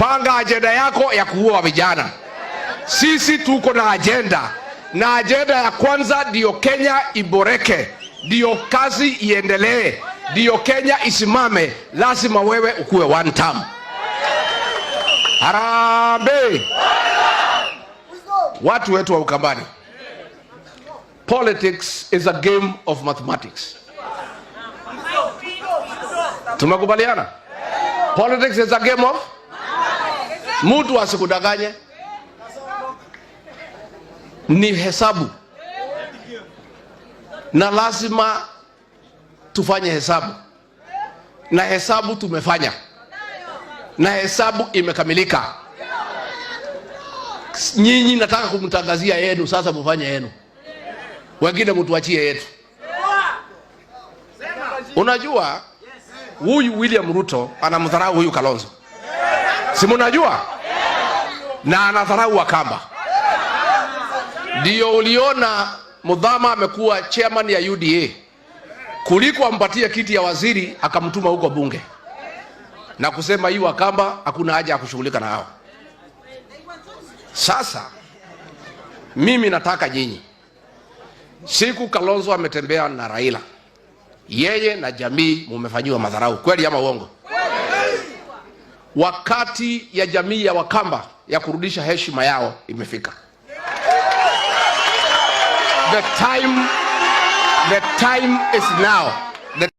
panga ajenda yako ya kuua vijana. Sisi tuko na ajenda, na ajenda ya kwanza ndiyo Kenya iboreke, ndiyo kazi iendelee, ndiyo Kenya isimame. Lazima wewe ukuwe one term. Harambe watu wetu wa Ukambani, politics is a game of mathematics. Tumekubaliana, politics is a game of Mtu asikudanganye, ni hesabu na lazima tufanye hesabu, na hesabu tumefanya, na hesabu imekamilika. Nyinyi nataka kumtangazia yenu sasa, mufanye yenu, wengine mtuachie yetu. Unajua, huyu William Ruto anamdharau huyu Kalonzo si munajua, na anadharau wakamba ndio uliona Mudhama amekuwa chairman ya UDA kuliko ampatie kiti ya waziri akamtuma huko bunge na kusema hii Wakamba hakuna haja ya kushughulika na hao. Sasa mimi nataka nyinyi, siku Kalonzo ametembea na Raila, yeye na jamii mumefanyiwa madharau, kweli ama uongo? wakati ya jamii ya Wakamba ya kurudisha heshima yao imefika. The time, the time is now.